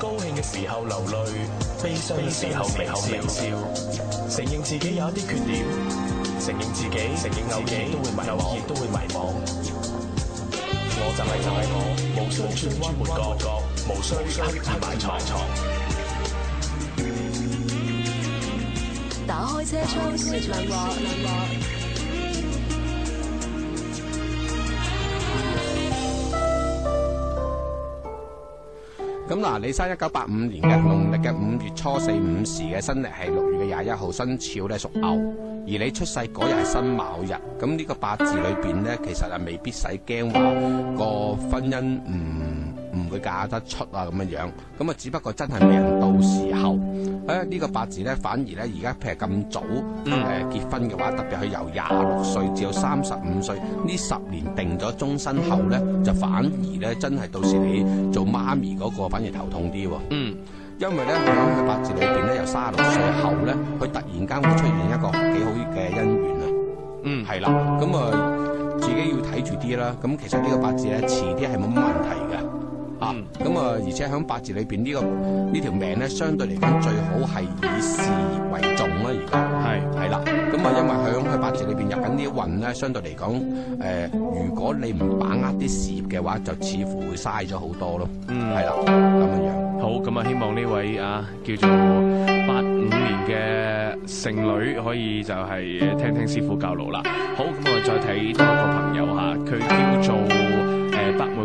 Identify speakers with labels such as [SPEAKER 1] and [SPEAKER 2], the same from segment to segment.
[SPEAKER 1] 高興嘅時候流淚，悲傷嘅時候微笑微笑。承認自己有一啲缺點，承認自己承認自己都會迷惘，亦都會迷惘。我就係就係我，無須鑽鑽埋埋，無須刻意埋埋藏。
[SPEAKER 2] 打開車窗說嗱，你生一九八五年嘅農曆嘅五月初四午時嘅，新曆係六月嘅廿一號，生肖咧屬牛，而你出世嗰日係辛卯日，咁呢個八字裏邊咧，其實啊未必使驚話個婚姻唔。嗯唔會嫁得出啊咁樣樣，咁啊只不過真係命到時候，誒、哎、呢、這個八字咧反而咧而家譬如咁早誒、嗯呃、結婚嘅話，特別係由廿六歲至到三十五歲呢十年定咗終身後咧，就反而咧真係到時你做媽咪嗰、那個反而頭痛啲、哦，嗯，因為咧佢嘅八字裏邊咧由卅六歲後咧，佢突然間會出現一個幾好嘅姻緣啊、嗯，嗯，係啦、嗯，咁啊、嗯、自己要睇住啲啦，咁其實呢個八字咧遲啲係冇乜問題嘅。啊，咁啊，而且響八字裏邊呢個呢條命咧，相對嚟講最好係以事業為重啊啦，而家係係啦，咁啊，因為喺八字裏邊入緊呢啲運咧，相對嚟講，誒、呃，如果你唔把握啲事業嘅話，就似乎會嘥咗好多咯，嗯，係啦，咁樣。好，咁啊，希望呢位啊叫做八五年嘅
[SPEAKER 1] 剩女，可以就係聽聽師傅教路啦。好，咁我哋再睇。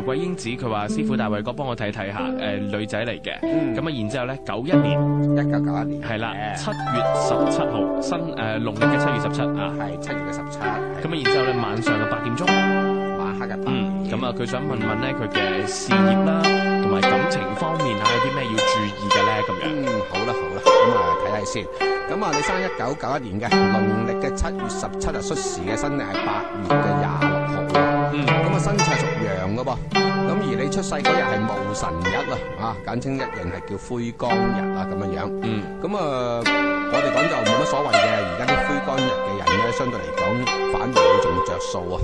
[SPEAKER 1] 鬼英子佢話：嗯、師傅大衛哥幫我睇睇下，誒、呃、女仔嚟嘅，咁啊，然之後咧九一年，一九九一年，係啦，七月十七號，新誒農曆嘅七月十七啊，係七月嘅十七，咁啊，然之後咧晚上嘅八點鐘，晚黑嘅八點，咁啊、嗯，佢想問問咧佢嘅事業啦，同埋感
[SPEAKER 2] 情方面啊，嗯、是是有啲咩要注意嘅咧？咁樣，嗯，好啦好啦，咁啊睇睇先看看，咁啊你生一九九一年嘅農曆嘅七月十七日出世嘅，新曆係八月嘅廿。身策屬羊噶噃，咁而你出世嗰日係戊辰日啊，啊，簡稱一樣係叫灰光日啊，咁樣樣。嗯，咁啊、嗯，我哋講就冇乜所謂嘅。而家啲灰光日嘅人咧，相對嚟講反而會仲着數啊。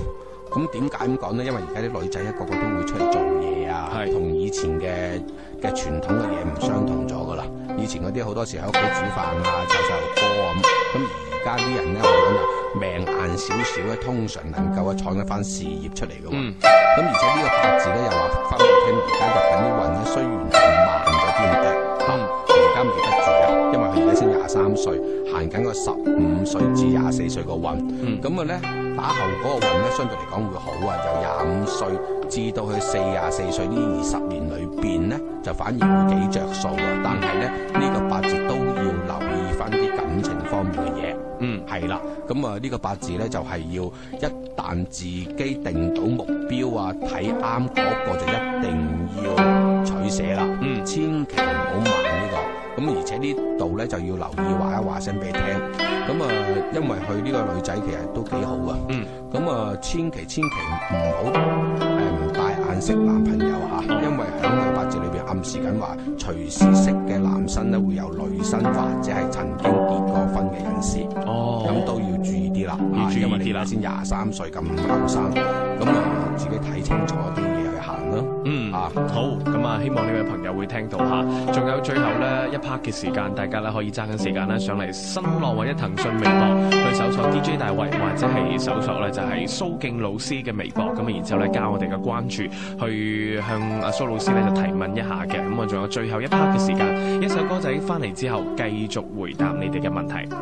[SPEAKER 2] 咁點解咁講咧？因為而家啲女仔一個，個個都會出嚟做嘢啊，係同是以前嘅嘅傳統嘅嘢唔相同咗噶啦。以前嗰啲好多時喺屋企煮飯啊，就就多啊。咁咁而家啲人咧，我諗就命硬、啊。少少咧，通常能夠啊創一番事業出嚟嘅。咁、嗯、而且個呢個八字咧又話翻俾你聽，而家入緊啲運咧，雖然係慢咗啲嘅，吓而家未得住，因為佢而家先廿三歲，行緊個十五歲至廿四歲個運。咁啊咧打後嗰個運咧，相對嚟講會好啊，由廿五歲至到佢四廿四歲呢二十年裏邊咧，就反而會幾着數啊。但係咧呢、呢個八。係啦，咁啊呢個八字咧就係、是、要一旦自己定到目標啊，睇啱嗰個就一定要取捨啦，嗯這個。嗯，千祈唔好盲呢個。咁而且呢度咧就要留意話一話聲俾你聽。咁、嗯、啊，因為佢呢個女仔其實都幾好啊。嗯。咁啊，千祈千祈唔好誒，唔、呃、帶眼識男朋友吓，啊、嗯、因為喺佢八字裏邊暗示緊話，隨時識嘅男生咧會有女生或者係曾經結過婚嘅人士。哦。啦，注住、啊、你啦，先廿三歲咁後生，咁啊，那啊自己睇清楚啲嘢去行咯、啊。嗯，啊好，咁啊希望
[SPEAKER 1] 呢位朋友會聽到吓。仲有最後呢一 part 嘅時間，大家咧可以揸緊時間咧上嚟新浪或者騰訊微博去搜索 DJ 大偉，或者係搜索咧就係、是、蘇敬老師嘅微博。咁啊，然之後咧加我哋嘅關注，去向阿蘇老師咧就提問一下嘅。咁啊，仲有最後一 part 嘅時間，一首歌仔翻嚟之後，繼續回答你哋嘅問題。